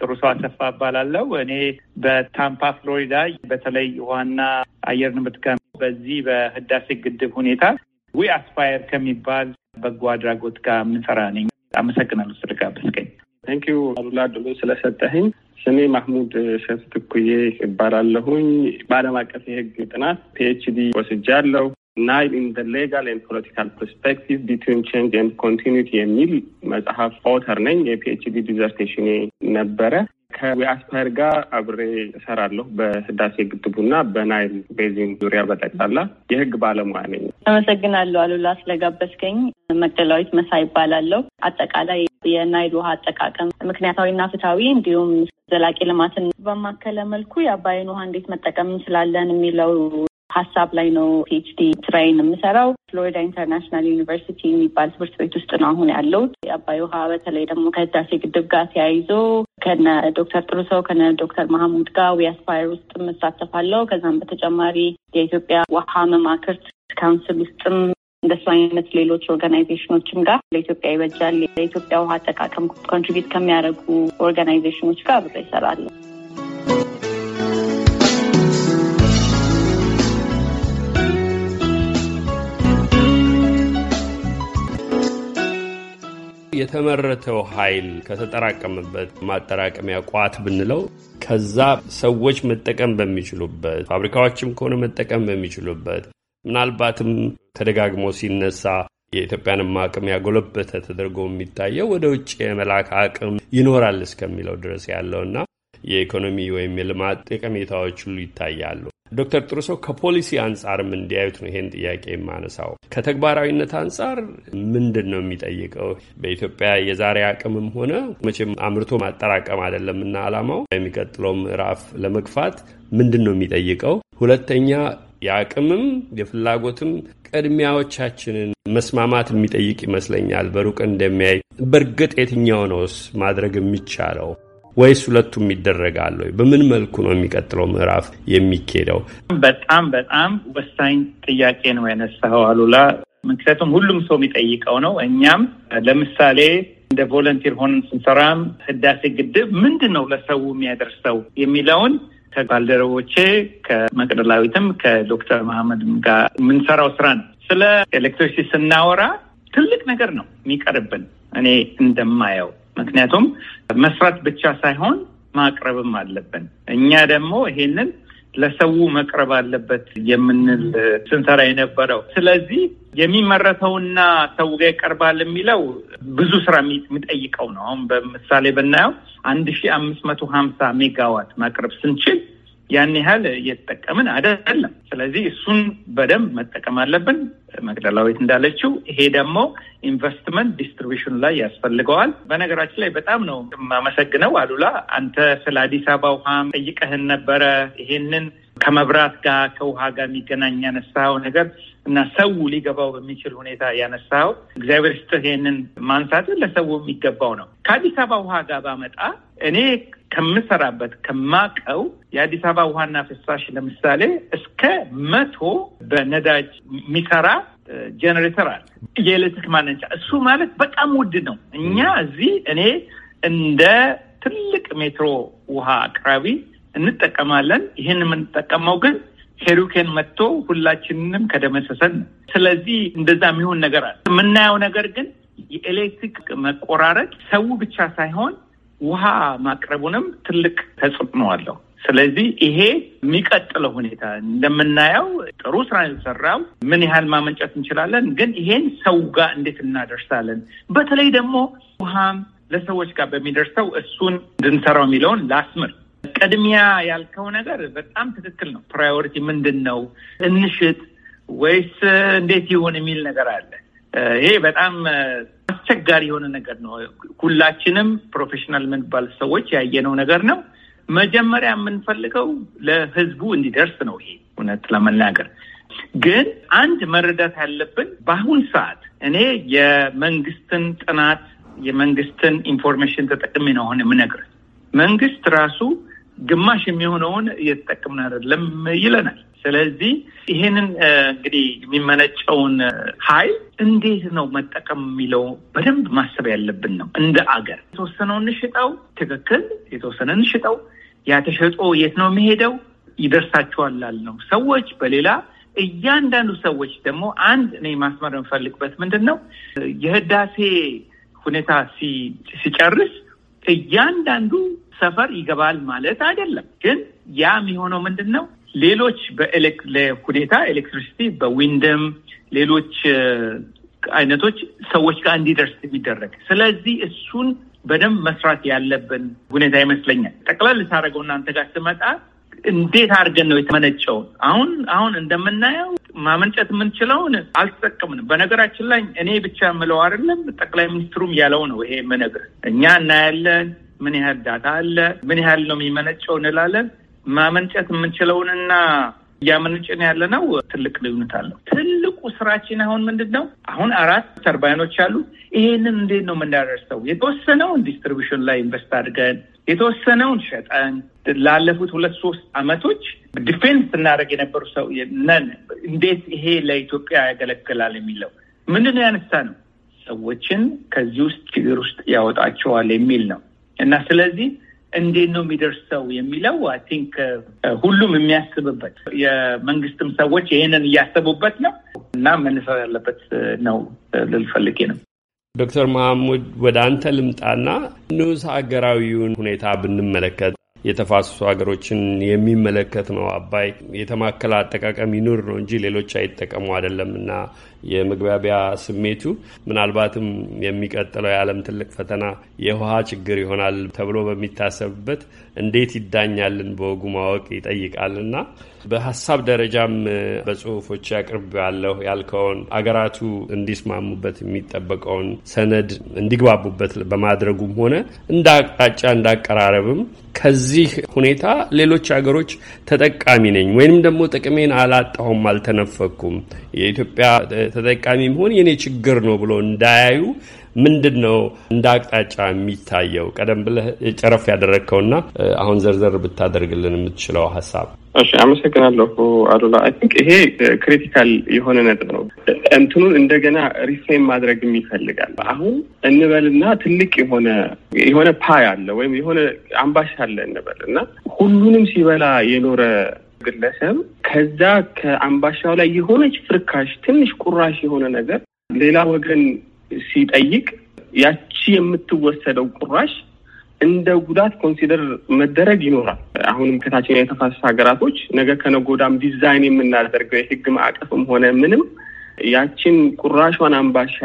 ጥሩ ሰው አሰፋ እባላለሁ። እኔ በታምፓ ፍሎሪዳ በተለይ ዋና አየር ንምትከም በዚህ በህዳሴ ግድብ ሁኔታ ዊ አስፓየር ከሚባል በጎ አድራጎት ጋር የምንሰራ ነኝ። አመሰግናለሁ ስለጋበዝከኝ። ታንኪዩ አሉላ ዕድሉን ስለሰጠህኝ። ስሜ ማህሙድ ሸፍትኩዬ እባላለሁኝ። በዓለም አቀፍ የህግ ጥናት ፒኤችዲ ወስጃለሁ። ናይል ኢን ደ ሌጋል ኤንድ ፖለቲካል ፐርስፔክቲቭ ቢትዊን ቼንጅ ኤንድ ኮንቲኒቲ የሚል መጽሐፍ ኦተር ነኝ። የፒኤችዲ ዲዘርቴሽን ነበረ። ከዊአስፓር ጋር አብሬ እሰራለሁ። በህዳሴ ግድቡና በናይል ቤዚን ዙሪያ በጠቅላላ የህግ ባለሙያ ነኝ። አመሰግናለሁ አሉላ ስለጋበዝከኝ። መቅደላዊት መሳይ ይባላለሁ። አጠቃላይ የናይል ውሃ አጠቃቀም ምክንያታዊና ፍትሐዊ እንዲሁም ዘላቂ ልማትን በማከለ መልኩ የአባይን ውሃ እንዴት መጠቀም እንችላለን የሚለው ሀሳብ ላይ ነው ፒኤችዲ ስራዬን የምሰራው። ፍሎሪዳ ኢንተርናሽናል ዩኒቨርሲቲ የሚባል ትምህርት ቤት ውስጥ ነው አሁን ያለሁት። የአባይ ውሃ በተለይ ደግሞ ከህዳሴ ግድብ ጋር ተያይዞ ከነ ዶክተር ጥሩሰው ከነ ዶክተር ማህሙድ ጋር ዊያስፓየር ውስጥ የምሳተፋለው። ከዛም በተጨማሪ የኢትዮጵያ ውሃ መማክርት ካውንስል ውስጥም እንደሱ አይነት ሌሎች ኦርጋናይዜሽኖችም ጋር ለኢትዮጵያ ይበጃል ለኢትዮጵያ ውሃ አጠቃቀም ኮንትሪቢዩት ከሚያደርጉ ኦርጋናይዜሽኖች ጋር አብሬ እሰራለሁ። የተመረተው ኃይል ከተጠራቀመበት ማጠራቀሚያ ቋት ብንለው ከዛ ሰዎች መጠቀም በሚችሉበት ፋብሪካዎችም ከሆነ መጠቀም በሚችሉበት ምናልባትም ተደጋግሞ ሲነሳ የኢትዮጵያንም አቅም ያጎለበተ ተደርጎ የሚታየው ወደ ውጭ የመላክ አቅም ይኖራል እስከሚለው ድረስ ያለውና የኢኮኖሚ ወይም የልማት ጠቀሜታዎች ሁሉ ይታያሉ። ዶክተር ጥሩሶ ከፖሊሲ አንጻርም እንዲያዩት ነው ይሄን ጥያቄ የማነሳው። ከተግባራዊነት አንጻር ምንድን ነው የሚጠይቀው? በኢትዮጵያ የዛሬ አቅምም ሆነ መቼም አምርቶ ማጠራቀም አይደለም እና አላማው የሚቀጥለው ምዕራፍ ለመግፋት ምንድን ነው የሚጠይቀው? ሁለተኛ የአቅምም የፍላጎትም ቅድሚያዎቻችንን መስማማት የሚጠይቅ ይመስለኛል። በሩቅ እንደሚያይ በእርግጥ የትኛው ነውስ ማድረግ የሚቻለው? ወይስ ሁለቱም ይደረጋል ወይ? በምን መልኩ ነው የሚቀጥለው ምዕራፍ የሚኬደው? በጣም በጣም ወሳኝ ጥያቄ ነው ያነሳኸው አሉላ። ምክንያቱም ሁሉም ሰው የሚጠይቀው ነው። እኛም ለምሳሌ እንደ ቮለንቲር ሆነን ስንሰራም ህዳሴ ግድብ ምንድን ነው ለሰው የሚያደርሰው የሚለውን ከባልደረቦቼ ከመቅደላዊትም ከዶክተር መሐመድም ጋር የምንሰራው ስራ ነው። ስለ ኤሌክትሪሲቲ ስናወራ ትልቅ ነገር ነው የሚቀርብን እኔ እንደማየው ምክንያቱም መስራት ብቻ ሳይሆን ማቅረብም አለብን። እኛ ደግሞ ይሄንን ለሰው መቅረብ አለበት የምንል ስንሰራ የነበረው። ስለዚህ የሚመረተውና ሰው ጋር ይቀርባል የሚለው ብዙ ስራ የሚጠይቀው ነው። አሁን በምሳሌ ብናየው አንድ ሺ አምስት መቶ ሀምሳ ሜጋዋት ማቅረብ ስንችል ያን ያህል እየተጠቀምን አይደለም። ስለዚህ እሱን በደንብ መጠቀም አለብን። መግደላዊት እንዳለችው ይሄ ደግሞ ኢንቨስትመንት ዲስትሪቢሽን ላይ ያስፈልገዋል። በነገራችን ላይ በጣም ነው የማመሰግነው አሉላ፣ አንተ ስለ አዲስ አበባ ውሃ ጠይቀህን ነበረ። ይሄንን ከመብራት ጋር ከውሃ ጋር የሚገናኝ ያነሳው ነገር እና ሰው ሊገባው በሚችል ሁኔታ ያነሳው እግዚአብሔር ስጥህ ይሄንን ማንሳት ለሰው የሚገባው ነው። ከአዲስ አበባ ውሃ ጋር ባመጣ እኔ ከምሰራበት ከማቀው የአዲስ አበባ ውሃና ፍሳሽ ለምሳሌ እስከ መቶ በነዳጅ የሚሰራ ጄኔሬተር አለ፣ የኤሌክትሪክ ማነጫ። እሱ ማለት በጣም ውድ ነው። እኛ እዚህ እኔ እንደ ትልቅ ሜትሮ ውሃ አቅራቢ እንጠቀማለን። ይህን የምንጠቀመው ግን ሄሪኬን መጥቶ ሁላችንንም ከደመሰሰን ስለዚህ እንደዛ የሚሆን ነገር አለ። የምናየው ነገር ግን የኤሌክትሪክ መቆራረጥ ሰው ብቻ ሳይሆን ውሃ ማቅረቡንም ትልቅ ተጽዕኖ አለው። ስለዚህ ይሄ የሚቀጥለው ሁኔታ እንደምናየው ጥሩ ስራ የተሰራው ምን ያህል ማመንጨት እንችላለን፣ ግን ይሄን ሰው ጋር እንዴት እናደርሳለን? በተለይ ደግሞ ውሃም ለሰዎች ጋር በሚደርሰው እሱን እንድንሰራው የሚለውን ላስምር። ቅድሚያ ያልከው ነገር በጣም ትክክል ነው። ፕራዮሪቲ ምንድን ነው? እንሽጥ ወይስ እንዴት ይሁን የሚል ነገር አለ። ይሄ በጣም አስቸጋሪ የሆነ ነገር ነው። ሁላችንም ፕሮፌሽናል የምንባል ሰዎች ያየነው ነገር ነው። መጀመሪያ የምንፈልገው ለህዝቡ እንዲደርስ ነው። ይሄ እውነት ለመናገር ግን አንድ መረዳት ያለብን በአሁን ሰዓት እኔ የመንግስትን ጥናት የመንግስትን ኢንፎርሜሽን ተጠቅሜ ነው አሁን የምነግርህ። መንግስት ራሱ ግማሽ የሚሆነውን እየተጠቅምን አይደለም ይለናል። ስለዚህ ይሄንን እንግዲህ የሚመነጨውን ኃይል እንዴት ነው መጠቀም የሚለው በደንብ ማሰብ ያለብን ነው። እንደ አገር የተወሰነው እንሽጠው፣ ትክክል የተወሰነ እንሽጠው። ያ ተሸጦ የት ነው የሚሄደው? ይደርሳቸዋል ላልነው ሰዎች በሌላ እያንዳንዱ ሰዎች ደግሞ አንድ እኔ ማስመር የምፈልግበት ምንድን ነው የህዳሴ ሁኔታ ሲጨርስ እያንዳንዱ ሰፈር ይገባል ማለት አይደለም። ግን ያ የሚሆነው ምንድን ነው ሌሎች ሁኔታ ኤሌክትሪሲቲ በዊንደም ሌሎች አይነቶች ሰዎች ጋር እንዲደርስ የሚደረግ ስለዚህ እሱን በደንብ መስራት ያለብን ሁኔታ ይመስለኛል። ጠቅለል ሳደርገው እናንተ ጋር ስመጣ እንዴት አድርገን ነው የተመነጨውን አሁን አሁን እንደምናየው ማመንጨት የምንችለውን አልተጠቀምንም። በነገራችን ላይ እኔ ብቻ የምለው አይደለም፣ ጠቅላይ ሚኒስትሩም ያለው ነው። ይሄ የምነግርህ እኛ እናያለን፣ ምን ያህል ዳታ አለ፣ ምን ያህል ነው የሚመነጨው እንላለን። ማመንጨት የምንችለውንና እያመነጭን ያለ ነው ትልቅ ልዩነት አለው። ትልቁ ስራችን አሁን ምንድን ነው? አሁን አራት ተርባይኖች አሉ። ይሄንን እንዴት ነው የምናደርሰው? የተወሰነውን ዲስትሪቢሽን ላይ ኢንቨስት አድርገን የተወሰነውን ሸጠን ላለፉት ሁለት ሶስት አመቶች ዲፌንስ ስናደርግ የነበሩ ሰው ነን። እንዴት ይሄ ለኢትዮጵያ ያገለግላል የሚለው ምንድን ነው ያነሳ ነው ሰዎችን ከዚህ ውስጥ ችግር ውስጥ ያወጣቸዋል የሚል ነው እና ስለዚህ እንዴት ነው የሚደርሰው የሚለው አይ ቲንክ uh, uh, ሁሉም የሚያስብበት የመንግስትም ሰዎች ይህንን እያሰቡበት ነው እና መነሳት ያለበት uh, ነው ልል ነው። ዶክተር መሐሙድ ወደ አንተ ልምጣና ንዑስ ሀገራዊውን ሁኔታ ብንመለከት የተፋሰሱ ሀገሮችን የሚመለከት ነው። አባይ የተማከለ አጠቃቀም ይኑር ነው እንጂ ሌሎች አይጠቀሙ አይደለም እና የመግባቢያ ስሜቱ ምናልባትም የሚቀጥለው የዓለም ትልቅ ፈተና የውሃ ችግር ይሆናል ተብሎ በሚታሰብበት እንዴት ይዳኛልን በወጉ ማወቅ ይጠይቃልና በሀሳብ ደረጃም በጽሁፎች ያቅርብ ያለሁ ያልከውን አገራቱ እንዲስማሙበት የሚጠበቀውን ሰነድ እንዲግባቡበት በማድረጉም ሆነ እንደ አቅጣጫ እንዳቀራረብም ከዚህ ሁኔታ ሌሎች ሀገሮች ተጠቃሚ ነኝ ወይንም ደግሞ ጥቅሜን አላጣሁም፣ አልተነፈኩም፣ የኢትዮጵያ ተጠቃሚ መሆን የኔ ችግር ነው ብሎ እንዳያዩ ምንድን ነው እንደ አቅጣጫ የሚታየው? ቀደም ብለህ ጨረፍ ያደረግከውና አሁን ዘርዘር ብታደርግልን የምትችለው ሀሳብ። እሺ፣ አመሰግናለሁ አሉላ። አይ ቲንክ ይሄ ክሪቲካል የሆነ ነጥብ ነው። እንትኑን እንደገና ሪፍሬም ማድረግ ይፈልጋል። አሁን እንበልና ትልቅ የሆነ የሆነ ፓይ አለ ወይም የሆነ አምባሽ አለ እንበል እና ሁሉንም ሲበላ የኖረ ግለሰብ ከዛ ከአምባሻው ላይ የሆነች ፍርካሽ፣ ትንሽ ቁራሽ የሆነ ነገር ሌላ ወገን ሲጠይቅ ያቺ የምትወሰደው ቁራሽ እንደ ጉዳት ኮንሲደር መደረግ ይኖራል። አሁንም ከታችኛው የተፋሰስ ሀገራቶች ነገ ከነጎዳም ዲዛይን የምናደርገው የህግ ማዕቀፍም ሆነ ምንም ያችን ቁራሿን አምባሻ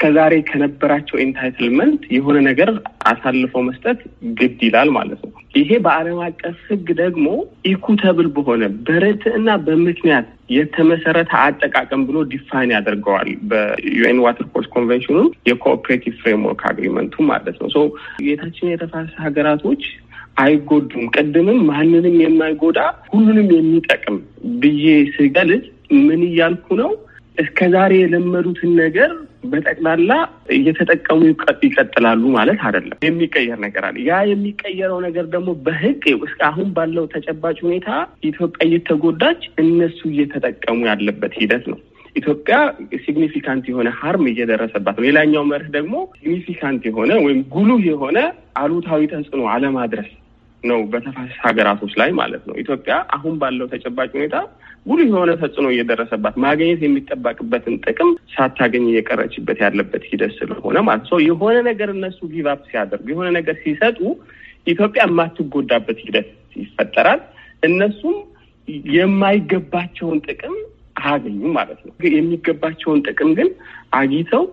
ከዛሬ ከነበራቸው ኢንታይትልመንት የሆነ ነገር አሳልፈው መስጠት ግድ ይላል ማለት ነው። ይሄ በዓለም አቀፍ ሕግ ደግሞ ኢኩተብል በሆነ በርትዕና በምክንያት የተመሰረተ አጠቃቀም ብሎ ዲፋይን ያደርገዋል። በዩኤን ዋተር ኮርስ ኮንቬንሽኑ የኮኦፕሬቲቭ ፍሬምወርክ አግሪመንቱ ማለት ነው። ሶ የታችን የተፋሰስ ሀገራቶች አይጎዱም። ቅድምም ማንንም የማይጎዳ ሁሉንም የሚጠቅም ብዬ ስገልጽ ምን እያልኩ ነው? እስከ ዛሬ የለመዱትን ነገር በጠቅላላ እየተጠቀሙ ይቀጥላሉ ማለት አይደለም። የሚቀየር ነገር አለ። ያ የሚቀየረው ነገር ደግሞ በህግ እስከ አሁን ባለው ተጨባጭ ሁኔታ ኢትዮጵያ እየተጎዳች እነሱ እየተጠቀሙ ያለበት ሂደት ነው። ኢትዮጵያ ሲግኒፊካንት የሆነ ሀርም እየደረሰባት ነው። ሌላኛው መርህ ደግሞ ሲግኒፊካንት የሆነ ወይም ጉሉህ የሆነ አሉታዊ ተጽዕኖ አለማድረስ ነው በተፋሰስ ሀገራቶች ላይ ማለት ነው። ኢትዮጵያ አሁን ባለው ተጨባጭ ሁኔታ ጉልህ የሆነ ተጽዕኖ እየደረሰባት ማግኘት የሚጠበቅበትን ጥቅም ሳታገኝ እየቀረችበት ያለበት ሂደት ስለሆነ ማለት ሰው የሆነ ነገር እነሱ ጊቫፕ ሲያደርጉ የሆነ ነገር ሲሰጡ ኢትዮጵያ የማትጎዳበት ሂደት ይፈጠራል። እነሱም የማይገባቸውን ጥቅም አያገኙ ማለት ነው። የሚገባቸውን ጥቅም ግን አግኝተው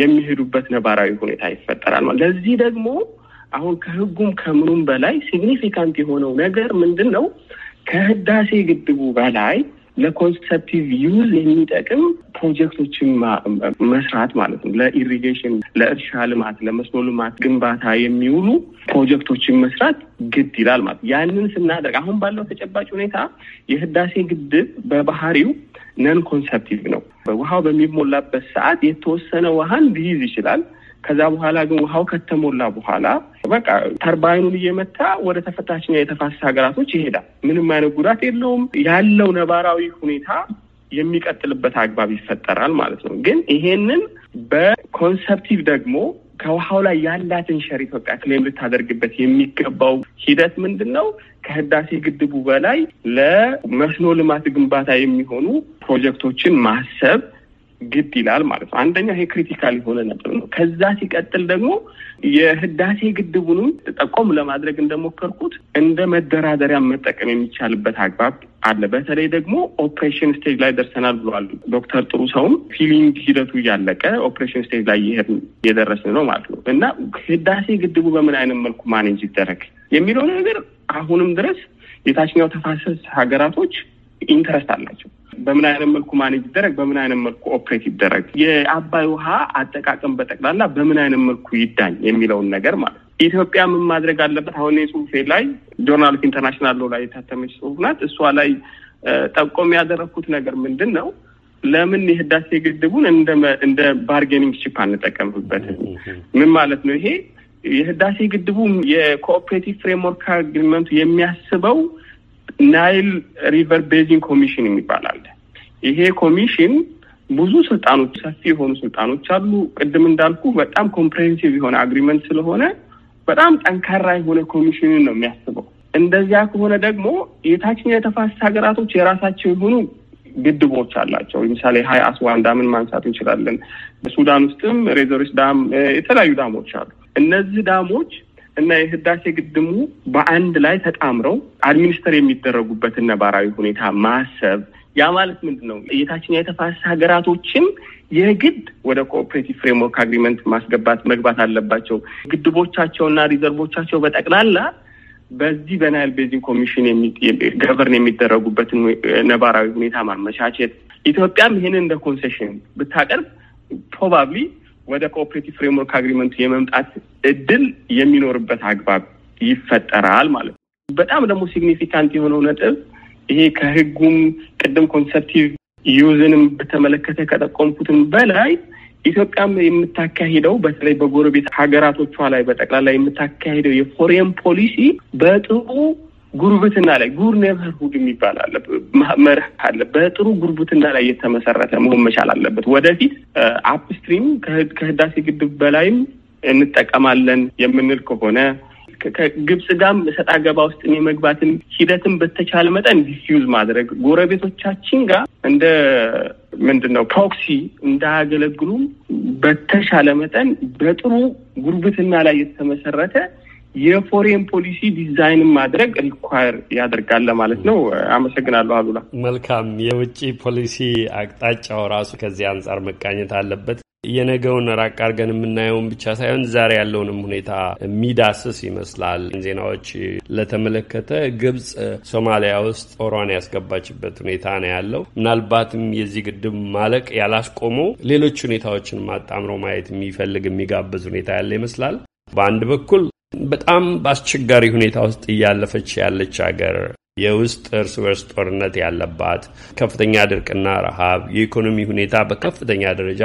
የሚሄዱበት ነባራዊ ሁኔታ ይፈጠራል ማለት ለዚህ ደግሞ አሁን ከህጉም ከምኑም በላይ ሲግኒፊካንት የሆነው ነገር ምንድን ነው? ከህዳሴ ግድቡ በላይ ለኮንሰፕቲቭ ዩዝ የሚጠቅም ፕሮጀክቶችን መስራት ማለት ነው። ለኢሪጌሽን፣ ለእርሻ ልማት፣ ለመስኖ ልማት ግንባታ የሚውሉ ፕሮጀክቶችን መስራት ግድ ይላል ማለት ነው። ያንን ስናደርግ አሁን ባለው ተጨባጭ ሁኔታ የህዳሴ ግድብ በባህሪው ነን ኮንሰፕቲቭ ነው። ውሃው በሚሞላበት ሰዓት የተወሰነ ውሃን ሊይዝ ይችላል። ከዛ በኋላ ግን ውሃው ከተሞላ በኋላ በቃ ተርባይኑን እየመታ ወደ ተፈታችኛ የተፋሰስ ሀገራቶች ይሄዳል። ምንም አይነት ጉዳት የለውም። ያለው ነባራዊ ሁኔታ የሚቀጥልበት አግባብ ይፈጠራል ማለት ነው። ግን ይሄንን በኮንሰፕቲቭ ደግሞ ከውሃው ላይ ያላትን ሸር ኢትዮጵያ ክሌም ልታደርግበት የሚገባው ሂደት ምንድን ነው? ከህዳሴ ግድቡ በላይ ለመስኖ ልማት ግንባታ የሚሆኑ ፕሮጀክቶችን ማሰብ ግድ ይላል ማለት ነው። አንደኛ ይሄ ክሪቲካል የሆነ ነጥብ ነው። ከዛ ሲቀጥል ደግሞ የህዳሴ ግድቡንም ጠቆም ለማድረግ እንደሞከርኩት እንደ መደራደሪያ መጠቀም የሚቻልበት አግባብ አለ። በተለይ ደግሞ ኦፕሬሽን ስቴጅ ላይ ደርሰናል ብለዋል ዶክተር ጥሩ ሰውም ፊሊንግ ሂደቱ እያለቀ ኦፕሬሽን ስቴጅ ላይ እየደረስን ነው ማለት ነው እና ህዳሴ ግድቡ በምን አይነት መልኩ ማኔጅ ይደረግ የሚለው ነገር አሁንም ድረስ የታችኛው ተፋሰስ ሀገራቶች ኢንተረስት አላቸው። በምን አይነት መልኩ ማኔጅ ይደረግ፣ በምን አይነት መልኩ ኦፕሬት ይደረግ፣ የአባይ ውሃ አጠቃቀም በጠቅላላ በምን አይነት መልኩ ይዳኝ የሚለውን ነገር ማለት ነው። ኢትዮጵያ ምን ማድረግ አለበት? አሁን ጽሁፌ ላይ ጆርናል ኢንተርናሽናል ላይ የታተመች ጽሁፍ ናት። እሷ ላይ ጠቆም ያደረግኩት ነገር ምንድን ነው? ለምን የህዳሴ ግድቡን እንደ ባርጌኒንግ ቺፕ አንጠቀምበትም? ምን ማለት ነው ይሄ የህዳሴ ግድቡ የኮኦፕሬቲቭ ፍሬምወርክ አግሪመንቱ የሚያስበው ናይል ሪቨር ቤዚን ኮሚሽን የሚባል አለ። ይሄ ኮሚሽን ብዙ ስልጣኖች፣ ሰፊ የሆኑ ስልጣኖች አሉ። ቅድም እንዳልኩ በጣም ኮምፕሬሄንሲቭ የሆነ አግሪመንት ስለሆነ በጣም ጠንካራ የሆነ ኮሚሽንን ነው የሚያስበው። እንደዚያ ከሆነ ደግሞ የታችኛው የተፋሰስ ሀገራቶች የራሳቸው የሆኑ ግድቦች አላቸው። ለምሳሌ ሀይ አስዋን ዳምን ማንሳት እንችላለን። በሱዳን ውስጥም ሬዘርስ ዳም፣ የተለያዩ ዳሞች አሉ። እነዚህ ዳሞች እና የህዳሴ ግድሙ በአንድ ላይ ተጣምረው አድሚኒስተር የሚደረጉበትን ነባራዊ ሁኔታ ማሰብ ያ ማለት ምንድን ነው? የታችኛው የተፋሰስ ሀገራቶችም የግድ ወደ ኮኦፕሬቲቭ ፍሬምወርክ አግሪመንት ማስገባት መግባት አለባቸው። ግድቦቻቸውና ሪዘርቮቻቸው በጠቅላላ በዚህ በናይል ቤዚን ኮሚሽን ገቨርን የሚደረጉበትን ነባራዊ ሁኔታ ማመቻቸት ኢትዮጵያም ይህንን እንደ ኮንሴሽን ብታቀርብ ፕሮባብሊ ወደ ኮኦፕሬቲቭ ፍሬምወርክ አግሪመንቱ የመምጣት እድል የሚኖርበት አግባብ ይፈጠራል ማለት ነው። በጣም ደግሞ ሲግኒፊካንት የሆነው ነጥብ ይሄ ከህጉም ቅድም ኮንሰፕቲቭ ዩዝንም በተመለከተ ከጠቆምኩትም በላይ ኢትዮጵያም የምታካሂደው በተለይ በጎረቤት ሀገራቶቿ ላይ በጠቅላላ የምታካሂደው የፎሬን ፖሊሲ በጥሩ ጉርብትና ላይ ጉር ኔቨር ሁድ የሚባል አለ መርህ አለ። በጥሩ ጉርብትና ላይ የተመሰረተ መሆን መቻል አለበት። ወደፊት አፕስትሪም ከህዳሴ ግድብ በላይም እንጠቀማለን የምንል ከሆነ ከግብጽ ጋርም እሰጥ አገባ ውስጥ የመግባትን ሂደትን በተቻለ መጠን ዲስዩዝ ማድረግ ጎረቤቶቻችን ጋር እንደ ምንድን ነው ፕሮክሲ እንዳያገለግሉም በተሻለ መጠን በጥሩ ጉርብትና ላይ የተመሰረተ የፎሬን ፖሊሲ ዲዛይን ማድረግ ሪኳየር ያደርጋል ማለት ነው። አመሰግናለሁ አሉላ። መልካም የውጭ ፖሊሲ አቅጣጫው ራሱ ከዚህ አንጻር መቃኘት አለበት። የነገውን ራቅ አድርገን የምናየውን ብቻ ሳይሆን ዛሬ ያለውንም ሁኔታ የሚዳስስ ይመስላል። ዜናዎች ለተመለከተ ግብጽ ሶማሊያ ውስጥ ጦሯን ያስገባችበት ሁኔታ ነው ያለው። ምናልባትም የዚህ ግድብ ማለቅ ያላስቆሞ ሌሎች ሁኔታዎችን ማጣምሮ ማየት የሚፈልግ የሚጋብዝ ሁኔታ ያለ ይመስላል። በአንድ በኩል በጣም በአስቸጋሪ ሁኔታ ውስጥ እያለፈች ያለች ሀገር የውስጥ እርስ በርስ ጦርነት ያለባት፣ ከፍተኛ ድርቅና ረሃብ፣ የኢኮኖሚ ሁኔታ በከፍተኛ ደረጃ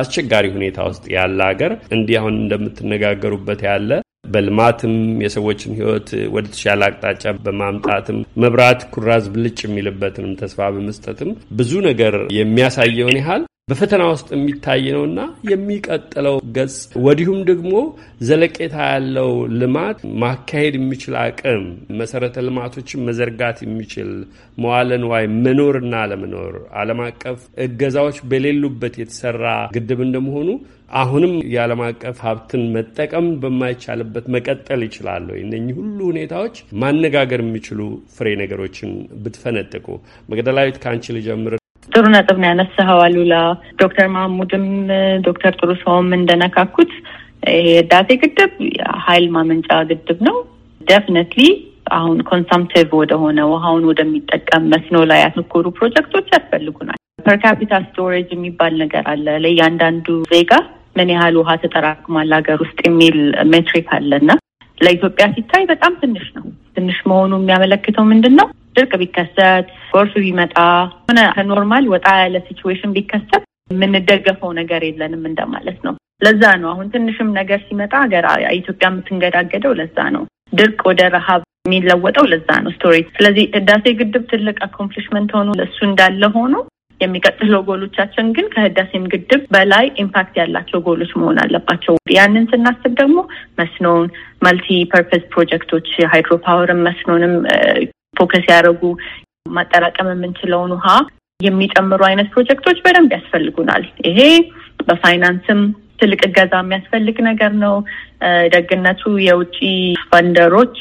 አስቸጋሪ ሁኔታ ውስጥ ያለ አገር እንዲህ አሁን እንደምትነጋገሩበት ያለ በልማትም የሰዎችን ሕይወት ወደ ተሻለ አቅጣጫ በማምጣትም መብራት ኩራዝ ብልጭ የሚልበትንም ተስፋ በመስጠትም ብዙ ነገር የሚያሳየውን ያህል በፈተና ውስጥ የሚታይ ነውና የሚቀጥለው ገጽ ወዲሁም ደግሞ ዘለቄታ ያለው ልማት ማካሄድ የሚችል አቅም መሰረተ ልማቶችን መዘርጋት የሚችል መዋለ ንዋይ መኖርና አለመኖር ዓለም አቀፍ እገዛዎች በሌሉበት የተሰራ ግድብ እንደመሆኑ አሁንም የዓለም አቀፍ ሀብትን መጠቀም በማይቻልበት መቀጠል ይችላሉ። እነኚህ ሁሉ ሁኔታዎች ማነጋገር የሚችሉ ፍሬ ነገሮችን ብትፈነጥቁ። መቅደላዊት ከአንቺ ልጀምር። ጥሩ ነጥብ ነው ያነሳኸው አሉላ። ዶክተር ማህሙድም ዶክተር ጥሩ ሰውም እንደነካኩት የህዳሴ ግድብ ኃይል ማመንጫ ግድብ ነው። ደፍነትሊ አሁን ኮንሰምቲቭ ወደሆነ ውሃውን ወደሚጠቀም መስኖ ላይ ያተኮሩ ፕሮጀክቶች ያስፈልጉናል። ፐርካፒታ ስቶሬጅ የሚባል ነገር አለ። ለእያንዳንዱ ዜጋ ምን ያህል ውሃ ተጠራቅሟል ሀገር ውስጥ የሚል ሜትሪክ አለና ለኢትዮጵያ ሲታይ በጣም ትንሽ ነው። ትንሽ መሆኑ የሚያመለክተው ምንድን ነው? ድርቅ ቢከሰት፣ ጎርፍ ቢመጣ፣ ሆነ ከኖርማል ወጣ ያለ ሲችዌሽን ቢከሰት የምንደገፈው ነገር የለንም እንደማለት ነው። ለዛ ነው አሁን ትንሽም ነገር ሲመጣ ሀገር ኢትዮጵያ የምትንገዳገደው። ለዛ ነው ድርቅ ወደ ረሃብ የሚለወጠው። ለዛ ነው ስቶሪ። ስለዚህ ህዳሴ ግድብ ትልቅ አኮምፕሊሽመንት ሆኖ እሱ እንዳለ ሆኖ የሚቀጥለው ጎሎቻችን ግን ከህዳሴም ግድብ በላይ ኢምፓክት ያላቸው ጎሎች መሆን አለባቸው። ያንን ስናስብ ደግሞ መስኖን፣ መልቲ ፐርፐዝ ፕሮጀክቶች ሃይድሮፓወርም መስኖንም ፎከስ ያደረጉ ማጠራቀም የምንችለውን ውሃ የሚጨምሩ አይነት ፕሮጀክቶች በደንብ ያስፈልጉናል። ይሄ በፋይናንስም ትልቅ እገዛ የሚያስፈልግ ነገር ነው። ደግነቱ የውጭ ፈንደሮች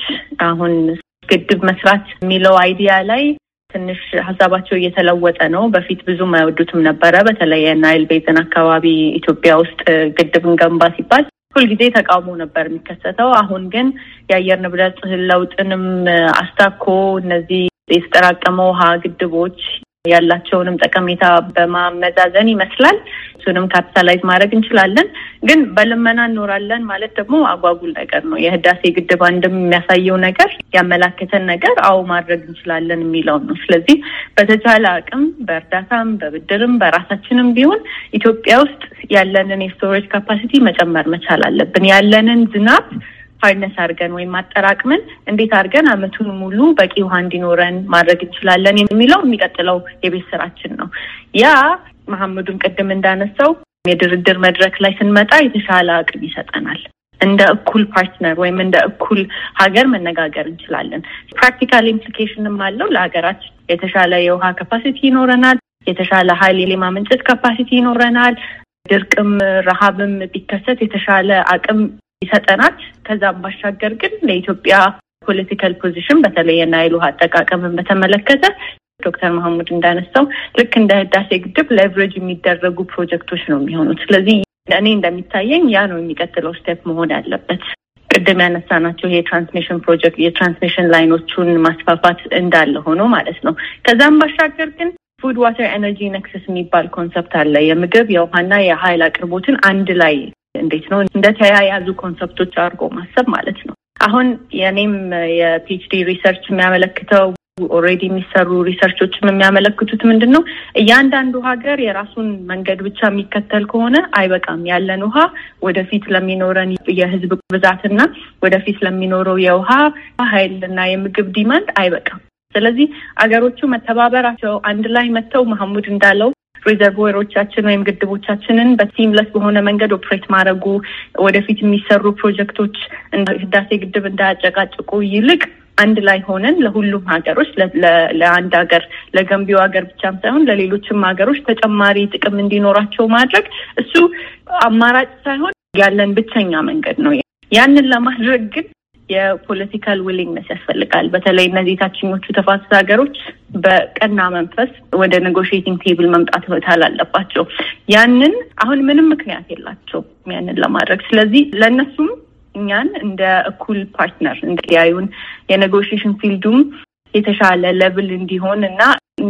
አሁን ግድብ መስራት የሚለው አይዲያ ላይ ትንሽ ሀሳባቸው እየተለወጠ ነው። በፊት ብዙም አይወዱትም ነበረ። በተለይ ናይል ቤዝን አካባቢ ኢትዮጵያ ውስጥ ግድብን ገንባ ሲባል ሁልጊዜ ተቃውሞ ነበር የሚከሰተው። አሁን ግን የአየር ንብረት ለውጥንም አስታኮ እነዚህ የተጠራቀመ ውሃ ግድቦች ያላቸውንም ጠቀሜታ በማመዛዘን ይመስላል እሱንም ካፒታላይዝ ማድረግ እንችላለን። ግን በልመና እንኖራለን ማለት ደግሞ አጓጉል ነገር ነው። የህዳሴ ግድብ አንድም የሚያሳየው ነገር ያመላከተን ነገር አዎ ማድረግ እንችላለን የሚለውን ነው። ስለዚህ በተቻለ አቅም በእርዳታም በብድርም በራሳችንም ቢሆን ኢትዮጵያ ውስጥ ያለንን የስቶሬጅ ካፓሲቲ መጨመር መቻል አለብን። ያለንን ዝናብ ሀርነስ አድርገን ወይም አጠራቅመን እንዴት አድርገን አመቱን ሙሉ በቂ ውሃ እንዲኖረን ማድረግ እንችላለን የሚለው የሚቀጥለው የቤት ስራችን ነው ያ መሐመዱም ቅድም እንዳነሳው የድርድር መድረክ ላይ ስንመጣ የተሻለ አቅም ይሰጠናል። እንደ እኩል ፓርትነር ወይም እንደ እኩል ሀገር መነጋገር እንችላለን። ፕራክቲካል ኢምፕሊኬሽንም አለው። ለሀገራት የተሻለ የውሃ ካፓሲቲ ይኖረናል። የተሻለ ኃይል የማመንጨት ካፓሲቲ ይኖረናል። ድርቅም ረሃብም ቢከሰት የተሻለ አቅም ይሰጠናል። ከዛም ባሻገር ግን ለኢትዮጵያ ፖለቲካል ፖዚሽን በተለይ የናይል ውሃ አጠቃቀምን በተመለከተ ዶክተር መሐሙድ እንዳነሳው ልክ እንደ ህዳሴ ግድብ ሌቨሬጅ የሚደረጉ ፕሮጀክቶች ነው የሚሆኑት። ስለዚህ እኔ እንደሚታየኝ ያ ነው የሚቀጥለው ስቴፕ መሆን ያለበት ቅድም ያነሳናቸው የትራንስሚሽን ፕሮጀክት የትራንስሚሽን ላይኖቹን ማስፋፋት እንዳለ ሆኖ ማለት ነው። ከዛም ባሻገር ግን ፉድ ዋተር ኤነርጂ ነክሰስ የሚባል ኮንሰፕት አለ። የምግብ የውሃና የሀይል አቅርቦትን አንድ ላይ እንዴት ነው እንደ ተያያዙ ኮንሰፕቶች አድርጎ ማሰብ ማለት ነው። አሁን የኔም የፒኤችዲ ሪሰርች የሚያመለክተው ኦልሬዲ የሚሰሩ ሪሰርቾችም የሚያመለክቱት ምንድን ነው፣ እያንዳንዱ ሀገር የራሱን መንገድ ብቻ የሚከተል ከሆነ አይበቃም። ያለን ውሃ ወደፊት ለሚኖረን የህዝብ ብዛትና ወደፊት ለሚኖረው የውሃ ኃይልና የምግብ ዲማንድ አይበቃም። ስለዚህ አገሮቹ መተባበራቸው አንድ ላይ መጥተው መሐሙድ እንዳለው ሪዘርቮሮቻችን ወይም ግድቦቻችንን በሲምለስ በሆነ መንገድ ኦፕሬት ማድረጉ ወደፊት የሚሰሩ ፕሮጀክቶች ህዳሴ ግድብ እንዳያጨቃጭቁ ይልቅ አንድ ላይ ሆነን ለሁሉም ሀገሮች ለአንድ ሀገር ለገንቢው ሀገር ብቻም ሳይሆን ለሌሎችም ሀገሮች ተጨማሪ ጥቅም እንዲኖራቸው ማድረግ እሱ አማራጭ ሳይሆን ያለን ብቸኛ መንገድ ነው። ያንን ለማድረግ ግን የፖለቲካል ዊሊንግነስ ያስፈልጋል። በተለይ እነዚህ ታችኞቹ ተፋሰስ ሀገሮች በቀና መንፈስ ወደ ኔጎሽቲንግ ቴብል መምጣት መቻል አለባቸው። ያንን አሁን ምንም ምክንያት የላቸው ያንን ለማድረግ ስለዚህ ለእነሱም እኛን እንደ እኩል ፓርትነር እንዲያዩን የኔጎሽሽን ፊልዱም የተሻለ ሌቭል እንዲሆን እና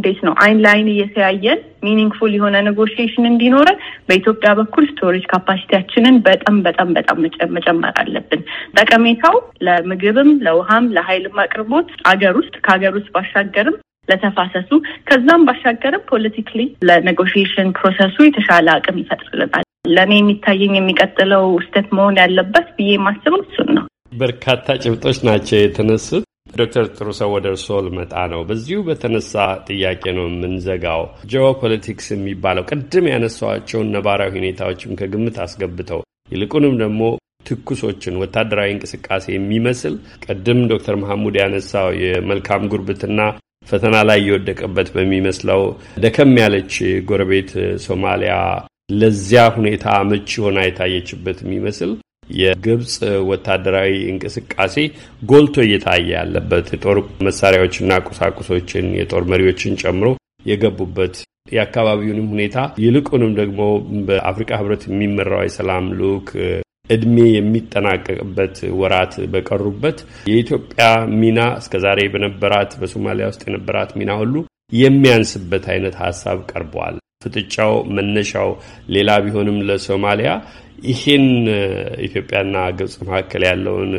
እንዴት ነው አይን ለአይን እየተያየን ሚኒንግፉል የሆነ ኔጎሽዬሽን እንዲኖረን በኢትዮጵያ በኩል ስቶሬጅ ካፓሲቲያችንን በጣም በጣም በጣም መጨመር አለብን። ጠቀሜታው ለምግብም፣ ለውሃም፣ ለሀይልም አቅርቦት አገር ውስጥ ከሀገር ውስጥ ባሻገርም ለተፋሰሱ ከዛም ባሻገርም ፖለቲካሊ ለኔጎሽዬሽን ፕሮሰሱ የተሻለ አቅም ይፈጥርልናል። ለእኔ የሚታየኝ የሚቀጥለው ውስተት መሆን ያለበት ብዬ ማስበው እሱን ነው። በርካታ ጭብጦች ናቸው የተነሱት። ዶክተር ጥሩሰው ወደ እርስዎ ልመጣ ነው። በዚሁ በተነሳ ጥያቄ ነው የምንዘጋው። ጂኦ ፖለቲክስ የሚባለው ቅድም ያነሳቸውን ነባራዊ ሁኔታዎችን ከግምት አስገብተው ይልቁንም ደግሞ ትኩሶችን ወታደራዊ እንቅስቃሴ የሚመስል ቅድም ዶክተር መሐሙድ ያነሳው የመልካም ጉርብትና ፈተና ላይ የወደቀበት በሚመስለው ደከም ያለች ጎረቤት ሶማሊያ ለዚያ ሁኔታ ምች ሆና የታየችበት የሚመስል የግብፅ ወታደራዊ እንቅስቃሴ ጎልቶ እየታየ ያለበት የጦር መሳሪያዎችና ቁሳቁሶችን የጦር መሪዎችን ጨምሮ የገቡበት የአካባቢውንም ሁኔታ ይልቁንም ደግሞ በአፍሪካ ሕብረት የሚመራው የሰላም ልዑክ እድሜ የሚጠናቀቅበት ወራት በቀሩበት የኢትዮጵያ ሚና እስከዛሬ በነበራት በሶማሊያ ውስጥ የነበራት ሚና ሁሉ የሚያንስበት አይነት ሀሳብ ቀርቧል። ፍጥጫው መነሻው ሌላ ቢሆንም ለሶማሊያ ይሄን ኢትዮጵያና ግብጽ መካከል ያለውን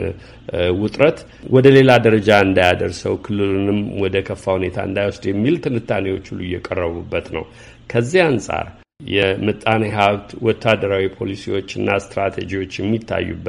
ውጥረት ወደ ሌላ ደረጃ እንዳያደርሰው ክልሉንም ወደ ከፋ ሁኔታ እንዳይወስድ የሚል ትንታኔዎች ሁሉ እየቀረቡበት ነው። ከዚህ አንጻር የምጣኔ ሀብት ወታደራዊ ፖሊሲዎችና ስትራቴጂዎች የሚታዩበት